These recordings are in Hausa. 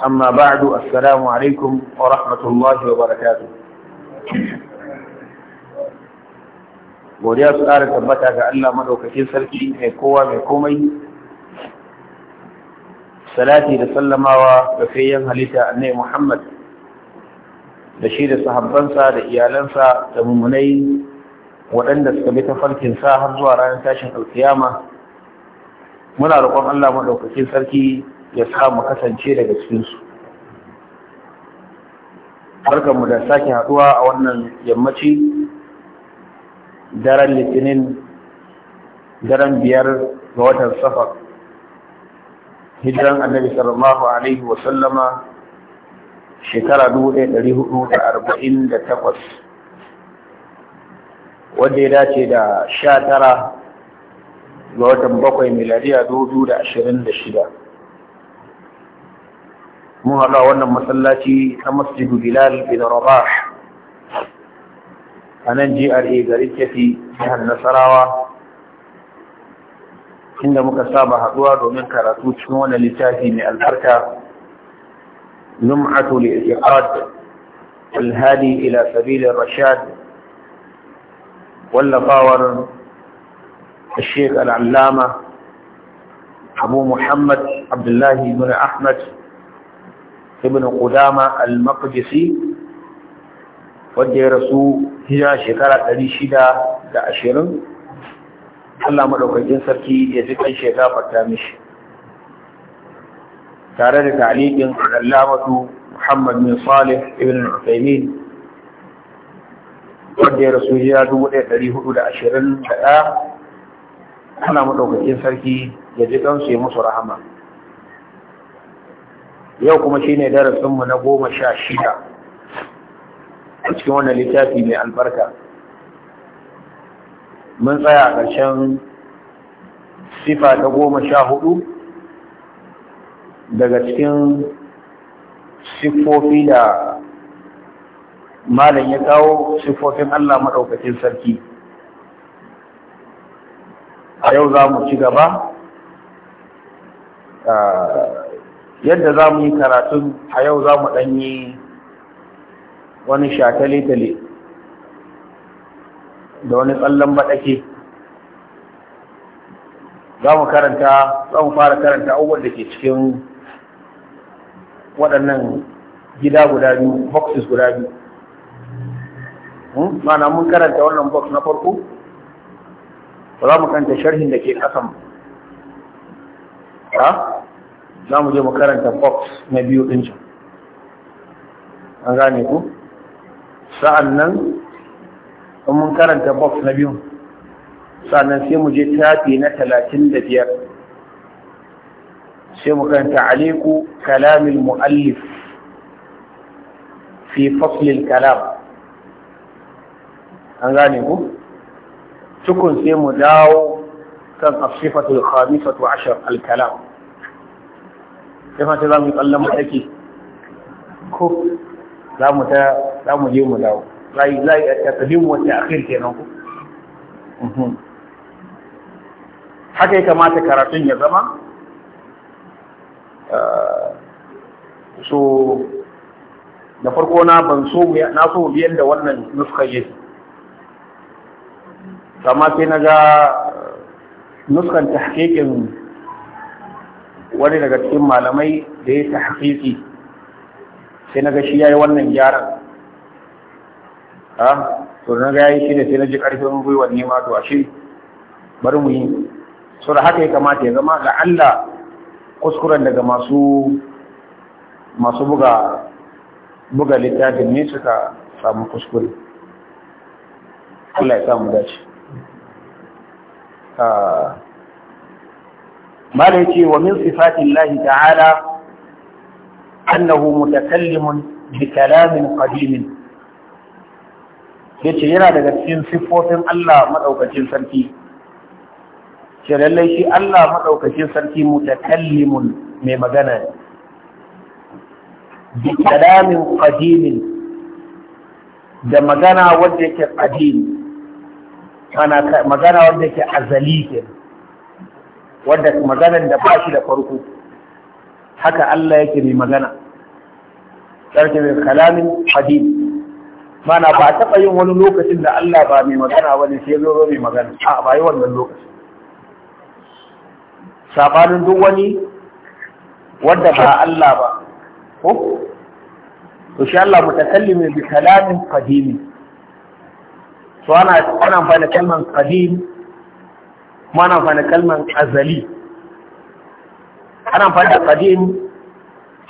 Amma أما بعد السلام عليكم ورحمة الله وبركاته godiya su ƙara tabbata ga Allah maɗaukakin sarki mai kowa mai komai salati da sallamawa ga fayyan halitta annai Muhammad da shi da sahabbansa da iyalansa da mummunai waɗanda suka bi ta sa har zuwa ranar tashin alkiyama muna roƙon Allah maɗaukakin sarki ya samu kasance daga cikinsu barkanmu da sake haduwa a wannan yammaci daren litinin daren biyar ga watan safar hijiran annabi sallallahu alaihi wa sallama shekara 1448 wanda ya dace da sha tara ga watan bakwai miladiya 2026 mun haɗa wannan masallaci na masjidu bilal bin rabah a nan gra garin kefi jihar nasarawa inda muka saba haɗuwa domin karatu cikin wannan littafi mai albarka lum'atu li'iqad الهادي ila سبيل rashad wallafawar الشيخ العلامة أبو محمد عبد الله بن أحمد ibn qudama al-maqdisi wanda ya rasu hijira shekara 620 Allah madaukakin sarki ya ji kan shekara fata mishi tare da ta'liqin al-lamatu Muhammad bin Salih ibn al-Uthaymeen wanda ya rasu hijira 1421 Allah madaukakin sarki ya ji kansu ya musu rahama yau kuma shine darasin mu na goma shida a cikin wannan littafi mai albarka mun tsaya a ƙarshen sifa ta goma sha hudu daga cikin sifofi da malam ya kawo sifofin Allah maɗaukacin sarki a yau za mu ci gaba ah, yadda za mu yi karatun a yau za mu ɗanyi wani shatale-tale da wani tsallon baɗake za mu karanta za mu fara karanta abubuwan da ke cikin waɗannan gida guda biyu boxes guda biyu mana hmm? mun karanta wannan box na farko ba za mu karanta sharhin da ke ƙasan ba za mu je makaranta fox na biyu ɗin can an gane ku sa'an nan in mun karanta box na biyu sa'an sai mu je tafi na talatin da biyar sai mu karanta aliku kalamin mu'allif fi faslil kalam an gane ku tukun sai mu dawo kan asifatul khamisatu ashar al-kalam ya fata za mu yi ƙwallon mataki ko za mu ta za mu mu dawo za yi za yi a takalim wata kai kenan ku mhm. haka ya kamata karatun ya zama eh, so da farko na ban so na so biyan da wannan nuska yi amma sai na ga eh, nuskan tahqiqin wani daga cikin malamai da ya ta haƙiƙi sai na ga shi ya yi wannan gyaran ha ah, to na ga ya yi shi ne sai na ji ƙarfin gwiwar nema to a shi bari mu yi so da haka ya kamata ya zama ga Allah kuskuren daga masu masu buga buga littafin ne suka samu kuskure Allah ya samu dace ah. malai ce wa min sifatillahi ta'ala annahu mutakallimun bi kalamin qadimin yace yana daga cikin siffofin Allah madaukakin sarki ce lallai shi Allah madaukakin sarki mutakallimun mai magana bi kalamin qadimin da magana wanda yake qadim ana magana wanda yake azali kenan wadda maganan da ba shi da farko haka Allah yake mai magana sarki mai kalamin hadid mana ba a taɓa yin wani lokacin da Allah ba mai magana wani sai zo mai magana a ba yi wannan lokacin sabanin duk wani wadda ba Allah ba ko to shi Allah mutakallimi bi kalamin qadim to ana ana amfani da kalman qadim kuma ana amfani da azali ana amfani da kadim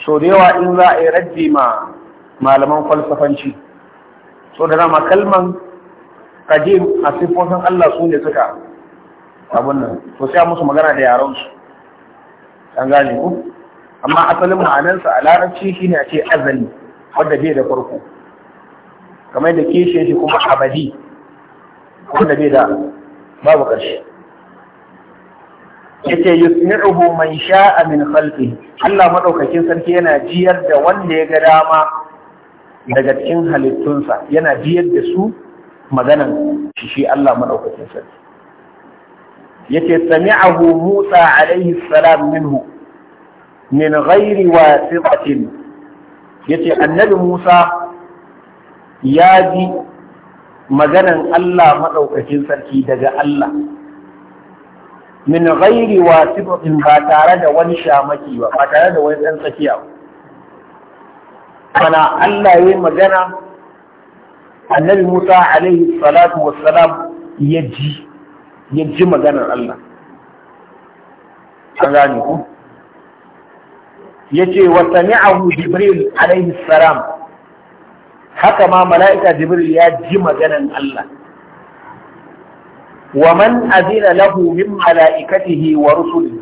so da yawa in za a yi rajji ma malaman falsafanci so da dama kalman kadim a siffofin Allah su ne suka abun nan so sai musu magana da yaran su an gane ku amma asalin ma'anarsa a larabci shine a ce azali wadda bai da farko kamar da kishin shi kuma abadi wadda bai da babu ƙarshe yace yusmi'uhu man sha'a min khalqi Allah madaukakin sarki yana jiyar da wanda ya ga dama daga cikin halittunsa yana jiyar da su maganan shi Allah madaukakin sarki yace sami'ahu Musa alaihi salam minhu min ghairi wasitatin yace annabi Musa ya ji maganan Allah madaukakin sarki daga Allah min ghairi wasitin ba tare da wani shamaki ba ba tare da wani ɗan tsakiya Kana Allah ya magana annabi Musa alaihi salatu wassalam ya ji maganar Allah an gane ku yace wa sami'ahu Jibril alaihi salam haka ma mala'ika Jibril ya ji maganar Allah wa man azina lahu min mala'ikatihi wa rusuli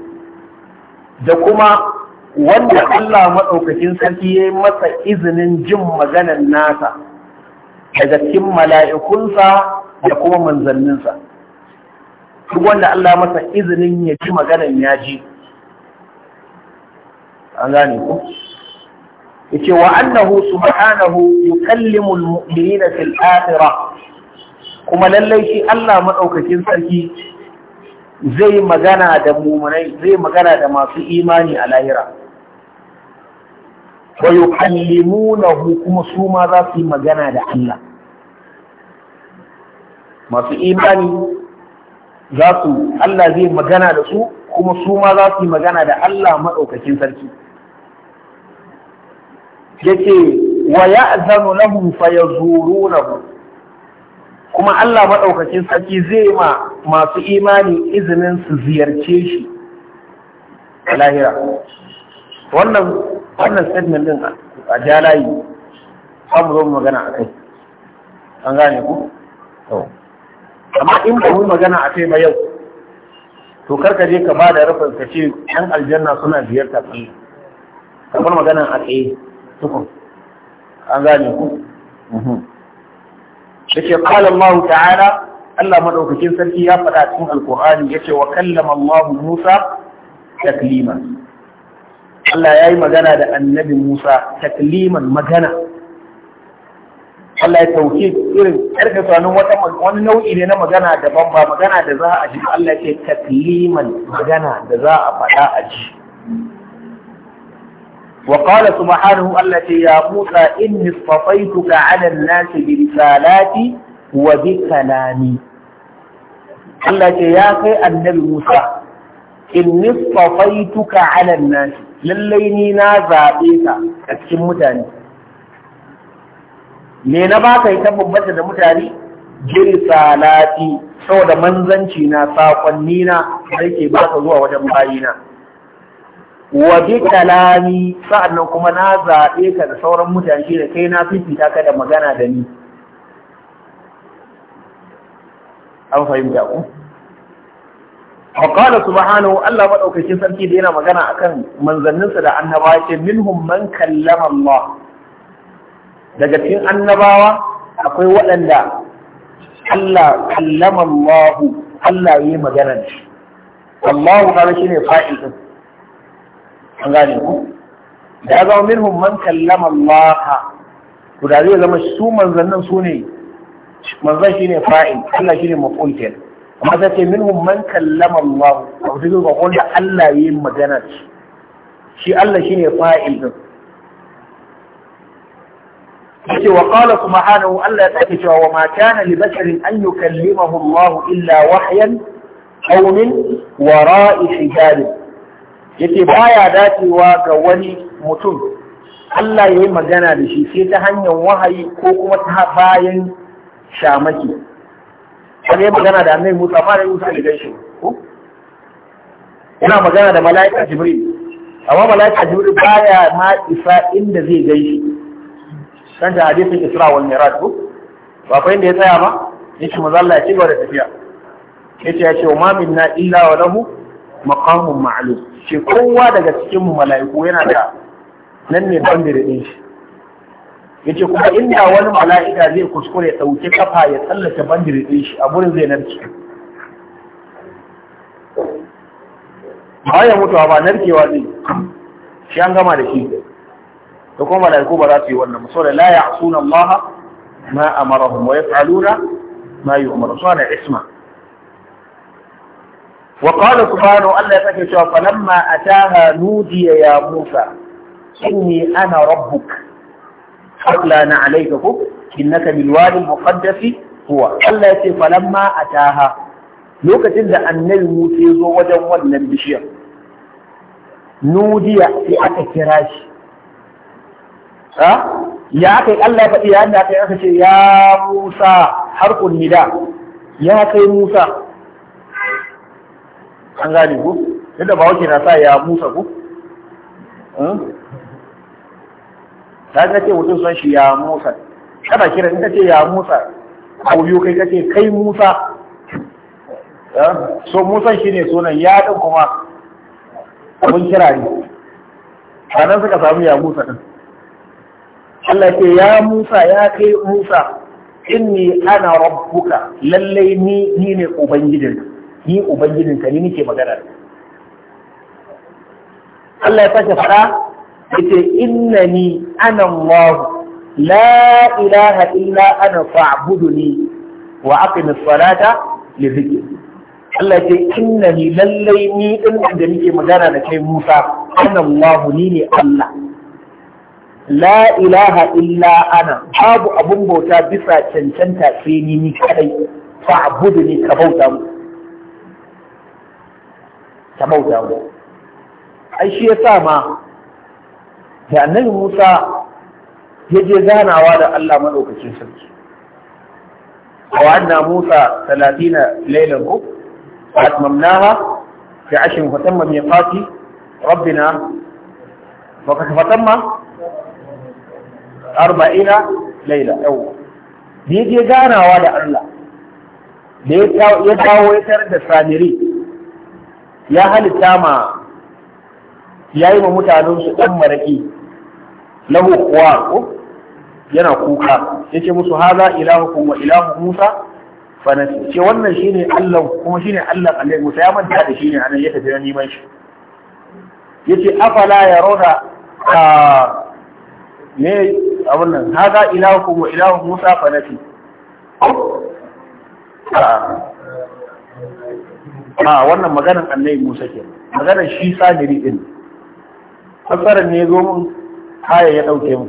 da kuma wanda Allah maɗaukakin sarki ya yi masa izinin jin maganar nasa daga cikin mala'ikunsa da kuma manzanninsa duk wanda Allah masa izinin ya ji maganar ya ji an gane ku Ya ce wa annahu subhanahu yukallimu al-mu'minina fil akhirah kuma lallai shi Allah maɗaukakin sarki zai magana da mumunai zai magana da masu imani a lahira wa yukallimunahu kuma su ma za su yi magana da Allah masu imani za su Allah zai magana da su kuma su ma za su yi magana da Allah maɗaukakin sarki yake wa ya'zanu lahum fayazurunahu kuma Allah maɗaukacin sarki zai ma masu imani izinin su ziyarce shi a lahira wannan wannan statement din a jalayi samu zo magana a kai an gane ku amma in ba mu magana a kai ba yau to karka je ka ba da rufin ka ce yan aljanna suna ziyarta Allah kamar magana a kai tukun an gane ku mhm. yace kala Allah ta'ala Allah madaukakin sarki ya faɗa cikin ya ce wa kallama Allah Musa taklima Allah ya yi magana da annabi Musa takliman magana Allah ya tauke irin sanin wata wani nau'i ne na magana daban ba magana da za a ji Allah ya ce takliman magana da za a faɗa a ji وقال سبحانه التي يا موسى إني اصطفيتك على الناس برسالاتي وبكلامي التي يا كي النبي موسى إني اصطفيتك على الناس لليني نازع إيسا أكشم متاني me na ba ka yi ta bambanta da mutane jirsalati saboda manzanci na sakonni na da yake ba ka zuwa wajen bayina wa bi kalami sa'annan kuma na zaɓe ka da sauran mutane da kai na fifita ka da magana da ni an fahimta ku Fakala subhanahu Allah maɗaukakin sarki da yana magana akan manzanninsa da annabawa ce minhum man kallama Allah daga cikin annabawa akwai waɗanda Allah kallama Allah Allah yi magana da shi ne ka an gane ku da zama minhum man kallama Allah to da zai zama su manzannin su ne manzan ne fa'in. Allah shine maf'ul kenan amma sai ce minhum man kallama Allah abu da zuwa wanda Allah ya yi magana shi Allah shi ne fa'in din yace wa qala subhanahu Allah ya sake cewa wa ma kana li basharin an yukallimahu Allah illa wahyan aw min wara'i hijab yace baya dacewa ga wani mutum Allah ya yi magana da shi sai ta hanyar wahayi ko kuma ta bayan shamaki wani ya magana da annabi Musa ma da Musa da gaishe ko yana magana da mala'ika Jibril amma mala'ika Jibril baya ma isa inda zai gaishe kan da hadisin Isra wal Mi'raj ko ba fa inda ya tsaya ba yace manzo Allah ya ci gaba da tafiya yace ya ce wa ma minna illa wa lahu Makamun ma'alu shi kowa daga cikin mala'iku yana da nan ne bandire din shi yace kuma inda wani mala'ika zai kuskure ya ƙafa kafa ya tsallake bandire din shi a gurin zai narke Bayan mutuwa ba narkewa zai shi an gama da shi da kuma mala'iku ba za su yi wannan ba sunan la ya'suna Allah ma amarahum wa yaf'aluna ma yu'maru sana isma' wa qala Allah ya sake cewa falamma ataha nudiya ya Musa inni ana rabbuk qabla na alayka ku innaka bil wadi muqaddas huwa Allah ya ce falamma ataha lokacin da annabi Musa ya zo wajen wannan bishiyar nudiya sai aka kira shi ya kai Allah faɗi da aka yi ya Musa harkun ya kai Musa an gane ku yadda ba wake na sa ya musa ku hmm? ta ga ce mutum son shi ya musa kada kira in ce ya musa a wuyo kai kace kai musa hmm? so musa shi ne sunan ya ɗin kuma abin kira ne nan suka samu ya musa ɗin Allah ce ya musa ya kai musa inni ana rabbuka lallai ni ni ne ubangijinka ni ubangijin ka ni nake magana Allah ya sake fara yace innani ana Allah la ilaha illa ana fa'buduni wa aqim as-salata li dhikri Allah ce innani lallai ni din da nake magana da kai Musa ana Allah ni ne Allah la ilaha illa ana babu abun bauta bisa cancanta sai ni ni kadai ni ka bauta mu ta bauta mu ai shi sa ma da annabi Musa ya je ganawa da Allah madaukakin sarki a wa'adna Musa 30 lailan ko atmamnaha fi ashin wa tamma miqati rabbina wa ka fatamma 40 layla yau da ya je ganawa da Allah da ya kawo ya tarar da samiri ya halitta ma ya yi wa mutanen mutanensu ɗan maraƙi lahu kuwa ko yana kuka ya ce musu haza ilahukum kuma ilahu musa fanasi ce wannan shine allah kuma shi ne allah alaihi musa ya manta da a nan ya tafi na neman shi Ya yace afala yarawna a ne abun nan haza ilahukum kuma ilahu musa fanasi a wannan maganar annabi Musa ke maganar shi sadiri din fasarar ne zo mun haya ya dauke mu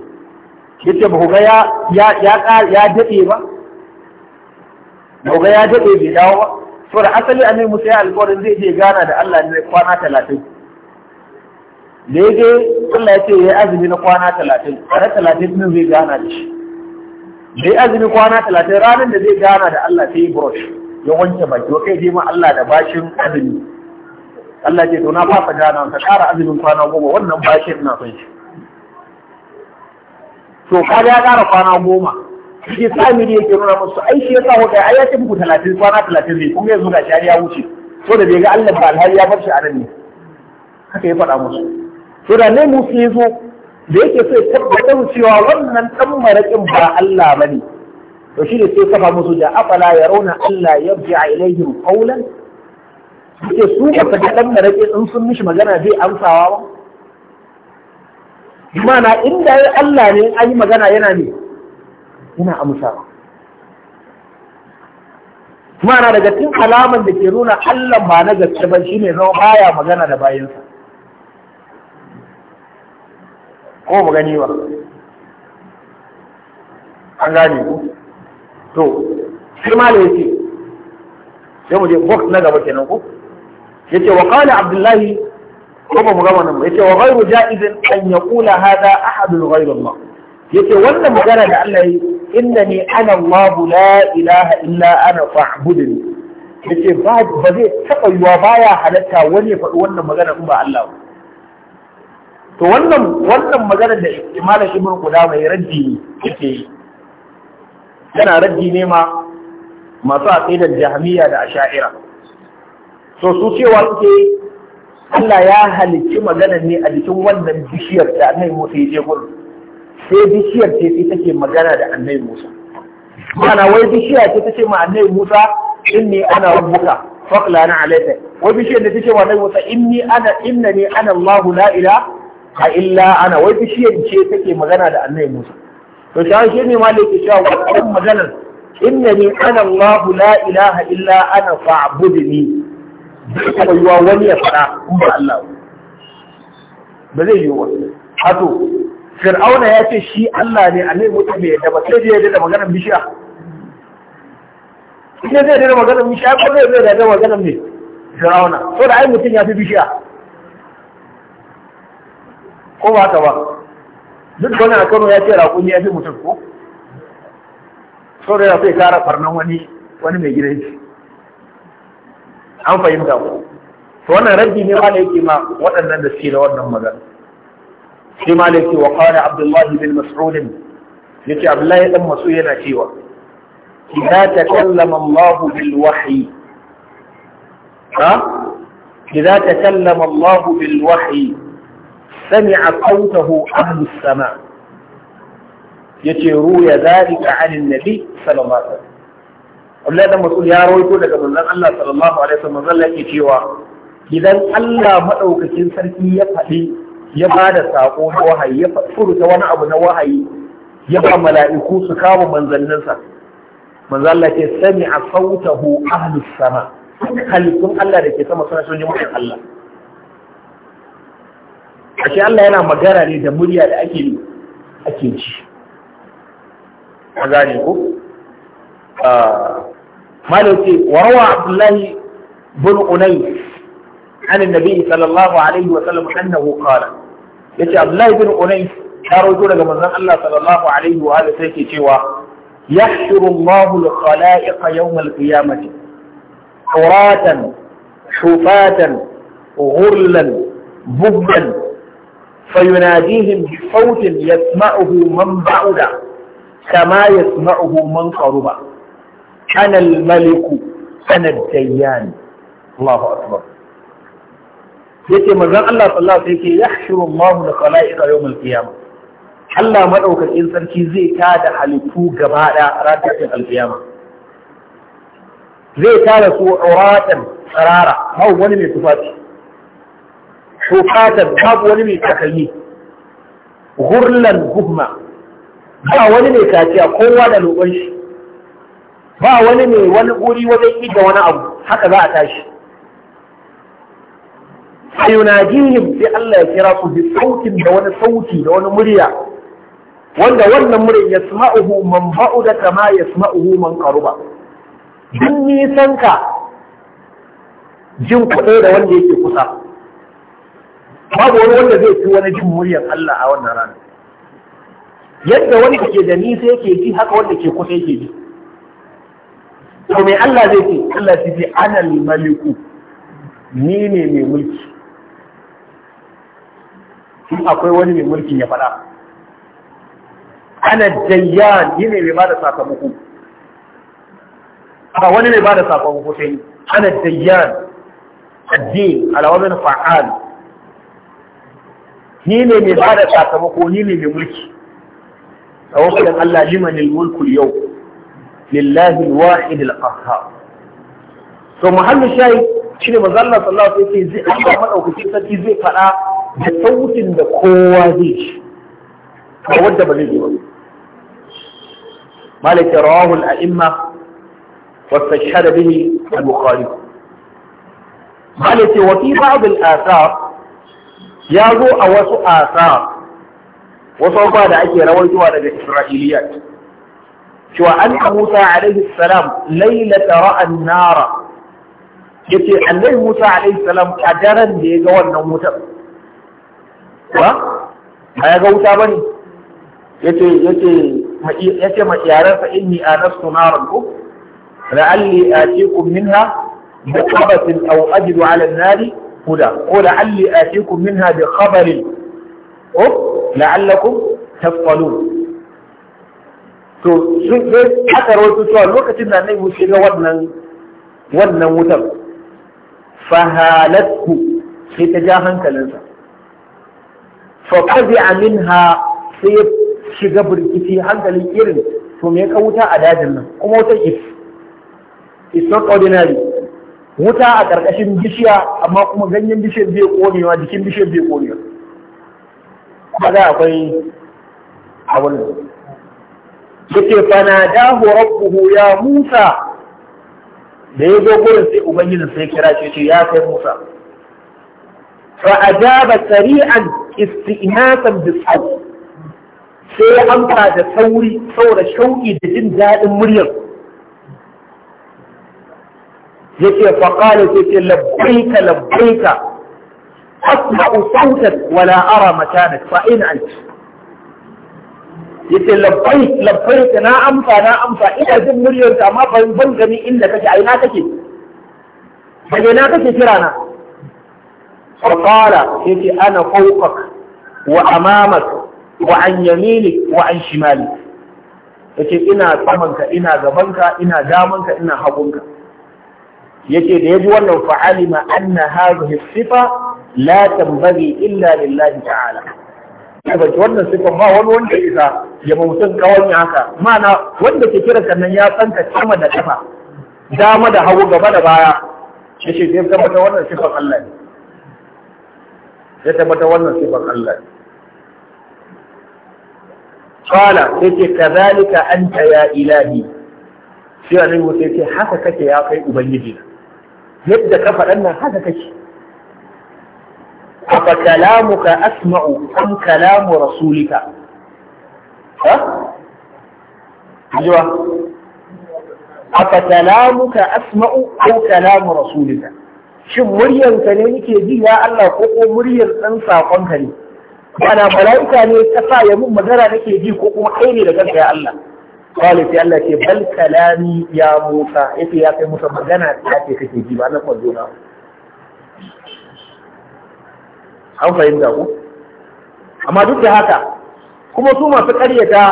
yace ba ga ya ya ya ya dade ba ba ga ya dade bai dawo ba da asali annabi Musa ya alƙawarin zai je gana da Allah ne kwana talatin da ya je Allah ya ce ya azumi na kwana talatin ranar talatin din zai gana da shi da ya azumi kwana talatin ranar da zai gana da Allah sai ya brush ya wanke baki wa kai je ma Allah da bashin azumi Allah ce to na fafa jana ka kara azumin kwana goma wannan bashin na son shi to ka ya kara kwana goma shi samiri yake nuna musu ai shi sa hoka ai ya ce muku talatin kwana talatin ne kuma yanzu ga shari'a wuce to da bai ga Allah ba alhali ya bar shi a nan ne haka ya faɗa musu to da ne musu ya zo da yake so ya tabbatar cewa wannan ɗan ba Allah bane. to shi ne sai kafa musu da afala ya rauna Allah ya bi a ilaihim qawlan suke su ba ka da dan marake in sun mishi magana zai amsawa ba mana inda ya Allah ne an yi magana yana ne yana amsawa mana daga cikin alaman da ke nuna Allah ba na gaske ba ne zama baya magana da bayansa ko mu gani ba an gane ku to sai malam ya ce sai mu je box na gaba kenan ko ya ce wa qala abdullahi ko ba mu gama nan ba. ya ce wa ghairu ja'izin an yaqula hada ahadun ghairu Allah ya ce wannan magana da Allah yi ne ana Allah la ilaha illa ana fa'budni ya ce ba zai taɓa yiwa baya halatta wani ya faɗi wannan magana in ba Allah ba to wannan wannan magana da Imam Ibn Qudama ya raddi ne yake yi yana raddi ne ma masu aqidar jahmiya da asha'ira so su cewa suke Allah ya halicci magana ne a jikin wannan bishiyar da Annabi Musa ya je gurin sai bishiyar ce sai take magana da Annabi Musa mana wai bishiya ce tace ma Annabi Musa inni ana rabbuka faqla na alayka wai bishiyar da tace ma Annabi Musa inni ana innani ana Allah la ilaha illa ana wai bishiyar ce take magana da Annabi Musa to shi shi ne ma ya shawo wannan maganar innani ana allah la ilaha illa ana fa'budni zai taɓa yiwa wani ya fara, in ba allah ba zai yi wa hato fir'auna ya ce shi allah ne a annabi mutum bai yadda ba sai ya yadda da maganar bishiya ina zai yadda da maganar bishiya ko zai yadda da maganar ne fir'auna so da ai mutum ya fi bishiya ko ba haka ba duk wani a Kano ya ce raƙumi ya fi mutum ko saboda sai kara farnan wani wani mai gidan shi an fahimta ko to wannan raddi ne ma yake ma waɗannan da suke da wannan magana sai ma yake wa qala abdullahi bin mas'ud yace abdullahi dan mas'ud yana cewa idza takallama allah bil wahyi ha idza takallama allah bil wahyi Sami sami'a qawtahu ahli sama yace ruya ga anin nabi sallallahu alaihi wasallam Allah dan mutum ya rawaito daga manzon Allah sallallahu alaihi wasallam manzon Allah yake cewa idan Allah madaukakin sarki ya faɗi ya ba da sako na wahayi ya furta wani abu na wahayi ya ba mala'iku su kama manzanninsa manzon Allah ke sami'a sautahu ahlus sama halittun Allah da ke sama suna jin Allah ake Allah yana magana ne da murya da ake ake ji an gane ko malam ce warawa abdullahi bin unay an النبي sallallahu alaihi wa sallam annahu qala yace عبد bin بن أنيس يروجو daga manzon Allah sallallahu alaihi wa alihi sai ke cewa yahshuru Allahu al-khalaiq yawm al-qiyamati uratan shufatan ghurlan bubban فيناديهم بصوت يسمعه من بعد كما يسمعه من قرب أنا الملك أنا الديان الله أكبر yake manzon Allah sallallahu alaihi wasallam yake yahshuru Allahu al-khalaiqa yawm al-qiyamah Allah madaukakin sarki zai tada halittu gaba da ranar al-qiyama zai tada su auratan tsarara hau wani mai tufafi shufatan babu wani mai takalmi gurlan guhma ba wani mai kaciya kowa da lokon shi ba wani mai wani guri wajen yi da wani abu haka za a tashi a yunajihim sai Allah ya kira ku bi sautin da wani sauti da wani murya wanda wannan murya ya sma'uhu man ba'u da kama ya sma'uhu man karuba duk nisan ka jin kuɗe da wanda yake kusa babu wani wanda zai fi wani jin muryar Allah a wannan rana yadda wani ke da nisa yake ji haka wanda ke kusa yake ji to me Allah zai ce Allah zai ce ana maliku ni ne mai mulki in akwai wani mai mulkin ya faɗa ana jayyan ni ne mai bada sakamako ba wani mai bada sakamako sai ana jayyan addin alawazin fa'al نيني مي بادا ساكاموكو نيني مي ملكي توفي الله لمن الملك اليوم لله الواحد القهار سو محل الشاي شنو مازال الله صلى الله عليه وسلم زي احمد او كتير سادي زي فلا بصوت بقواديش فود بليزي مالك رواه الائمه واستشهد به البخاري قالت وفي بعض الاثار ya zo a wasu asa wasu ba da ake rawar zuwa daga Isra'iliya, cewa anna Musa alaihi salam lailata ra'an nara yace annabi Musa alaihi salam a daren da ya ga wannan wutar ba ba ya ga wuta bane yace yace yace ma iyaransa inni anastu naran ko la'alli atikum minha bi qabatin aw ajidu 'ala an-nari هدى ولعلي آتيكم منها بخبر لعلكم تفصلون to sun sai aka rawaito cewa lokacin da annabi ya ga wannan wannan wutar fahalatku sai ta ja hankalinsa fa qabi'a minha sai ya shiga burkici hankalin irin to me ka wuta a dajin nan kuma wutar is is not ordinary wuta a ƙarƙashin bishiya amma kuma ganyen bishiyar bai ƙonewa jikin bishiyar bai ƙonewa kaga akwai abin nan yake dahu rabbuhu ya Musa da ya zo gurin sai ubangijin sai kira shi ce ya kai Musa fa ajaba sari'an isti'nasan bi sai ya amsa da sauri saboda shauki da jin daɗin muryar yake faƙala sai ce labbaika labbaika asma'u sautak wala ara makanak fa in anti yace labbaik labbaik na amsa na amsa ina jin muryar ta amma ban ban gani inda kake ai na kake kaje na kake kira na faƙala yace ana fawqak wa amamak wa an yaminik wa an shimalik yace ina samanka ina gabanka ina damanka ina hagunka yace da yaji wannan fa'alima anna hadhihi sifa la tanbaghi illa lillahi ta'ala saboda wannan sifa ba wani wanda isa ya mutum kawai haka mana wanda ke kira kannan ya tsanka sama da kafa dama da hagu gaba da baya yace sai tabbata wannan sifan Allah ne ya tabbata wannan sifan Allah ne qala yace kadhalika anta ya ilahi sai annabi sai ce haka kake ya kai ubangiji na yadda ka faɗan nan haka kake afa kalamuka asma'u an kalamu rasulika ha afa kalamuka asma'u an kalamu rasulika shin muryarka ne nake ji ya Allah ko ko muryar dan sakonka ne ana mala'ika ne ta sa ya mun magana nake ji ko kuma kai ne da kanka ya Allah قال bal kalami ya musa yake ya kai musa magana كي موسى kake ji ba na kwazo na an fahimta ku amma duk da haka kuma su masu karyata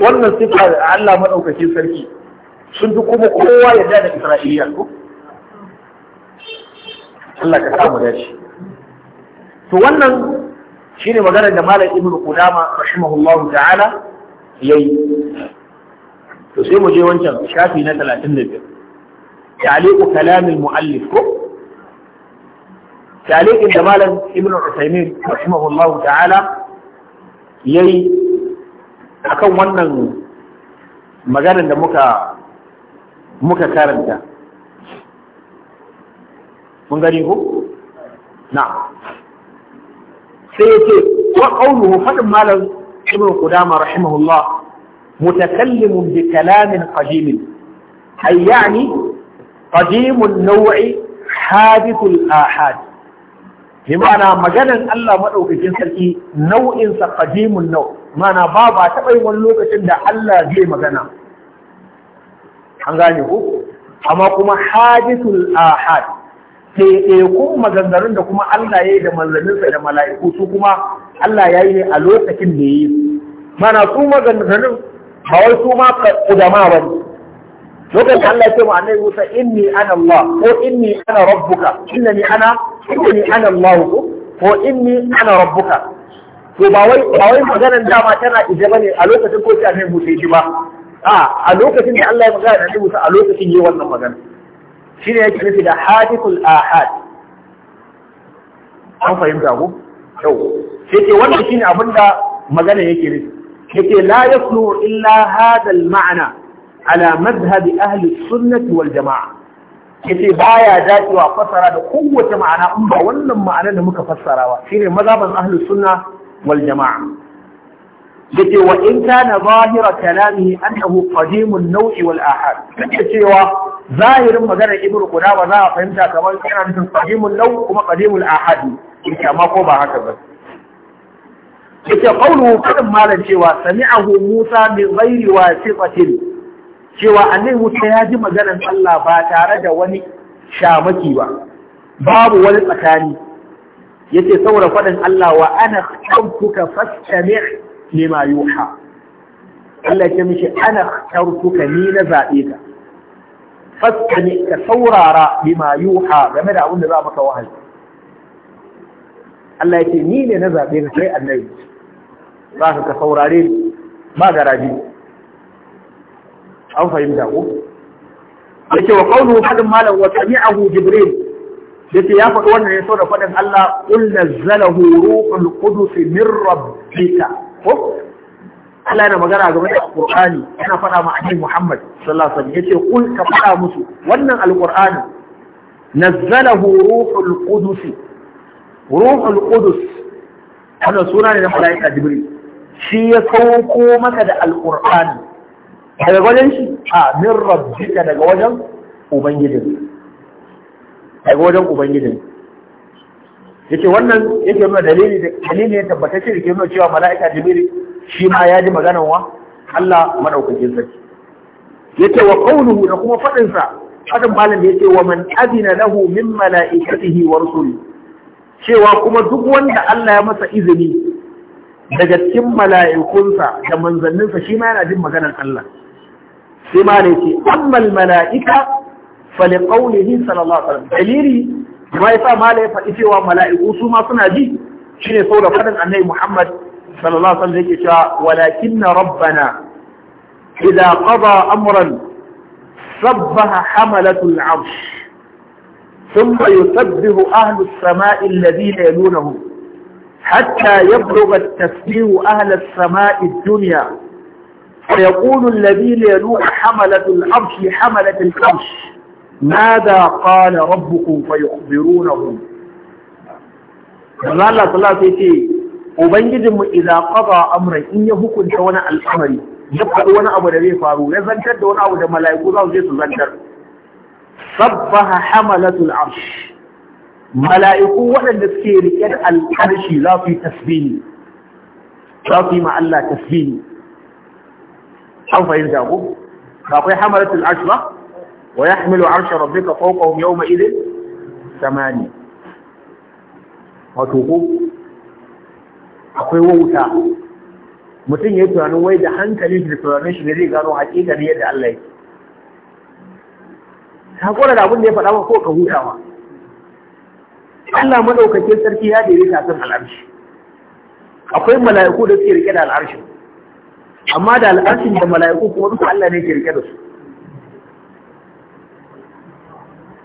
wannan sifa Allah maɗaukakin sarki sun fi kuma kowa yadda da Isra'iliya ko Allah ka samu shi. to wannan shine maganar da Malam ibnu Qudama rahimahullahu ta'ala yi to sai mu je wancan shafi na 35 ta'liqu kalam al-mu'allif ko ta'liqin da malam ibnu usaymin rahimahullahu ta'ala yi akan wannan maganar da muka muka karanta mun gani ko na'am sai ce wa qawluhu fadin malam ibn qudama rahimahullah mutakallimun bi kalamin qadim ay yani qadim an-naw' ahad bi ma'ana maganan Allah madaukakin sarki nau'insa sa qadimun naw' ma'ana ba ba taɓa yin wani lokacin da Allah zai magana an gane ku amma kuma hadithul ahad ɗaiɗaikun maganganun da kuma Allah ya yi da manzanninsa da mala'iku su kuma Allah ya yi a lokacin da ya yi mana su maganganun ba wai su ma kudama ba ne lokacin Allah ya ce mu annabi Musa inni ana Allah ko inni ana rabbuka innani ana inni ana Allah ko inni ana rabbuka to ba wai ba wai maganar dama tana ije bane a lokacin ko sai annabi Musa ya ji ba a a lokacin da Allah ya magana da Musa a lokacin yi wannan magana shi ne yake nufi da hadithul ahad an fahimta ku yau sai ke wannan shine abin da magana yake nufi yake la yaslu illa hada al ma'ana ala madhhab ahli sunnah wal jamaa yake baya dacewa fasara da kowace ma'ana in ba wannan ma'anar da muka fassara ba shine mazhaban ahli sunnah wal jamaa yake wa in kana zahira kalamihi annahu qadimun naw'i wal ahad yake cewa zahirin maganar ibnu qudama za a fahimta kamar yana nufin qadimul law kuma qadimul ahadi yake amma ko ba haka ba yake qawluhu kadin malam cewa sami'ahu musa bi ghairi wasitatin cewa annabi musa ya ji maganar Allah ba tare da wani shamaki ba babu wani tsakani yace saboda fadin Allah wa ana khamtuka fastami' lima yuha Allah ya ce mishi ana khartuka ni na zabe ka fastani ka saurara bima yuha game da abin da za maka wahayi Allah ya ce ni ne na zaɓe ka kai annabi za ka ka saurare ni ba garaji an fahimta ko da ke wa kaunu hadin malam wa sami'ahu jibril da ke ya faɗi wannan ya so da faɗin Allah qul nazzalahu ruhul qudus min rabbika ko Allah yana magana game da Qur'ani yana faɗa ma annabi Muhammad sallallahu alaihi wasallam yace kul ka faɗa musu wannan Al-ƙur'ani, alqur'ani nazzalahu ruhul qudus ruhul qudus wannan suna ne na malaika Jibril shi ya sauko maka da Al-Ƙur'ani. alqur'ani daga wajen shi a min rabbika daga wajen ubangijin daga wajen ubangijin yace wannan yake nuna dalili da dalili ne tabbatacce da ke nuna cewa malaika Jibril shi ma ya ji maganar wa Allah madaukakin sarki yace wa qawluhu da kuma fadin sa fadin malam yace wa man adina lahu min malaikatihi wa rusuli cewa kuma duk wanda Allah ya masa izini daga cikin mala'ikunsa da manzanninsa shi ma yana jin maganar Allah sai ma ne ce ammal mala'ika fali qawlihi sallallahu alaihi wasallam dalili kuma yasa malai faɗi cewa mala'iku su ma suna ji shine saboda fadin annabi Muhammad صلى الله عليه وسلم cewa ولكن ربنا إذا قضى أمرا صبها حملة العرش ثم يسبه أهل السماء الذين يلونه حتى يبلغ التسبيح أهل السماء الدنيا فيقول الذين يلون حملة العرش حملة العرش ماذا قال ربكم فيخبرونهم قال الله صلى الله عليه ubangijin mu idza qada amran in ya hukunta wani al'amari ya faɗi wani abu da zai faru ya zantar da wani abu da mala'iku za su je su zantar sabbaha hamalatul arsh mala'iku waɗanda suke riƙe da al'arshi za su yi tasbihi za su yi ma Allah tasbihi an fahimta ko ba akwai hamalatul arsh ba wa yahmilu arsha rabbika fawqahum yawma idin samani wato ko akwai wauta mutum ya yi tunanin wai da hankali da tunanin shi ne zai gano hakika ne yadda Allah yake Ta kora da abin da ya faɗa ma ko ka huta ma Allah madaukakin sarki ya daidaita san al'arshi akwai mala'iku da suke rike da al'arshi amma da al'arshin da mala'iku kuma duka Allah ne ke rike da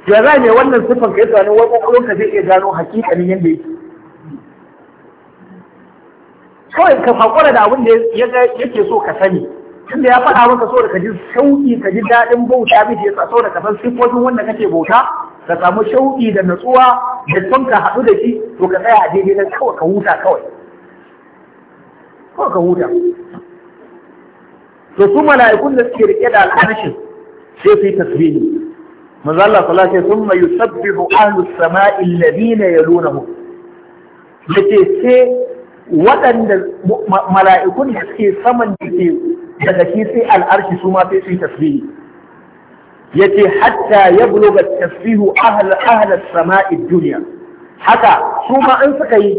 su ya zai ne wannan siffan ka yi tunanin wani ƙwaƙwalwarka zai iya gano ne yadda yake kawai ka haƙura da abin da yake so ka sani tunda ya faɗa maka so da ka ji shauƙi ka ji daɗin bauta bi da so da ka san sifofin wanda kake bauta ka samu shauƙi da natsuwa da son ka haɗu da shi to ka tsaya a daidai nan kawai ka huta kawai kawai ka huta to su mala'ikun da suke riƙe da al'arshin sai su yi tasbihi manzo Allah sallallahu alaihi wasallam yusabbihu ahlus sama'i alladhina yalunahu yace sai waɗanda mala'ikun da suke saman da ke daga shi sai al'arshi su ma sai su yi tasbihi yace hatta ya buluga tasbihu ahla sama'i duniya haka su ma an suka yi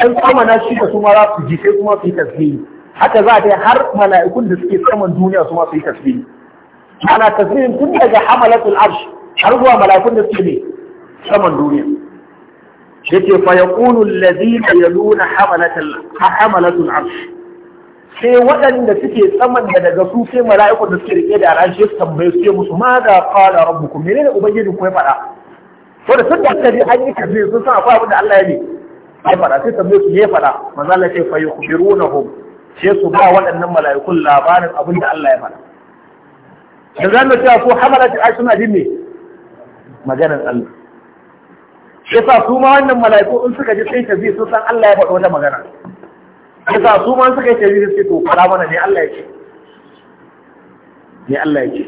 an kamana shi da su ma za su ji sai kuma su yi tasbihi haka za ta har mala'ikun da suke saman duniya su ma su yi tasbihi ana tasbihin tun daga hamalatul arsh har zuwa mala'ikun da suke ne saman duniya yace fa yaqulu alladhina yaluna hamalatul hamalatul arsh sai waɗanda suke saman da daga su sai mala'ikun da suke rike da arshi su tambaye su ce musu ma da qala rabbukum menene ubangijin ku ya faɗa to da sun da ji an yi kaje sun san akwai abin da Allah ya ne ya faɗa sai tambaye su ne ya faɗa manzo Allah ce fa yukhbirunahum sai su ba waɗannan mala'ikun labarin abin da Allah ya faɗa da zamu cewa ko hamalatul arsh suna jin ne maganar Allah yasa su ma wannan mala'iku in suka ji sai tabi sun san Allah ya faɗi wata magana yasa su ma suka yi tabi sai to fara mana ne Allah ya ce ne Allah ya ce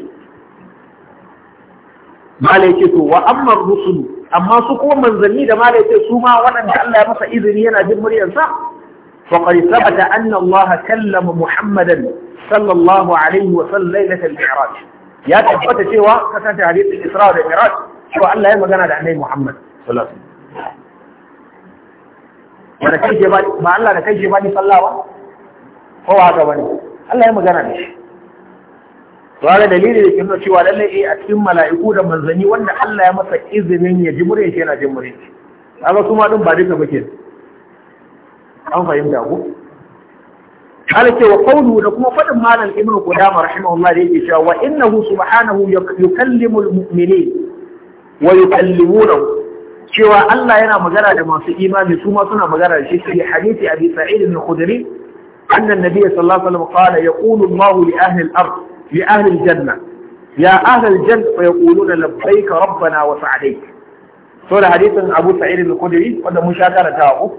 mala ya ce to wa amma rusulu amma su kuma manzanni da mala ya ce su ma waɗanda Allah ya masa izini yana jin muryarsa فقد ثبت أن الله كلم محمدا صلى الله عليه وسلم ليلة المعراج يا تثبت شيء وكثرة حديث الإسراء والمعراج شو الله يمكن على محمد sallallahu ba da kai ke Allah da kai ke ba ni sallah ba ko ba haka bane Allah ya magana da shi to ga dalili da ke nuna cewa lalle eh a cikin mala'iku da manzanni wanda Allah ya masa izinin ya ji murya shi yana jin murya shi kaga kuma din ba duka bake an fahimta ko halake wa qawlu da kuma fadin malam ibnu qudama rahimahullah da yake cewa wa innahu subhanahu yukallimu almu'minin wa yukallimunahu cewa Allah yana magana da masu imani su ma suna magana da shi shi hadisi abi sa'id ibn khudri anna an-nabiy sallallahu alaihi wasallam qala yaqulu Allah li ahli al-ard li ahli al-janna ya ahli al-janna fa yaquluna labbaik rabbana wa sa'daik so da hadisin Abu Sa'id ibn Khudri wanda mun sha karanta ku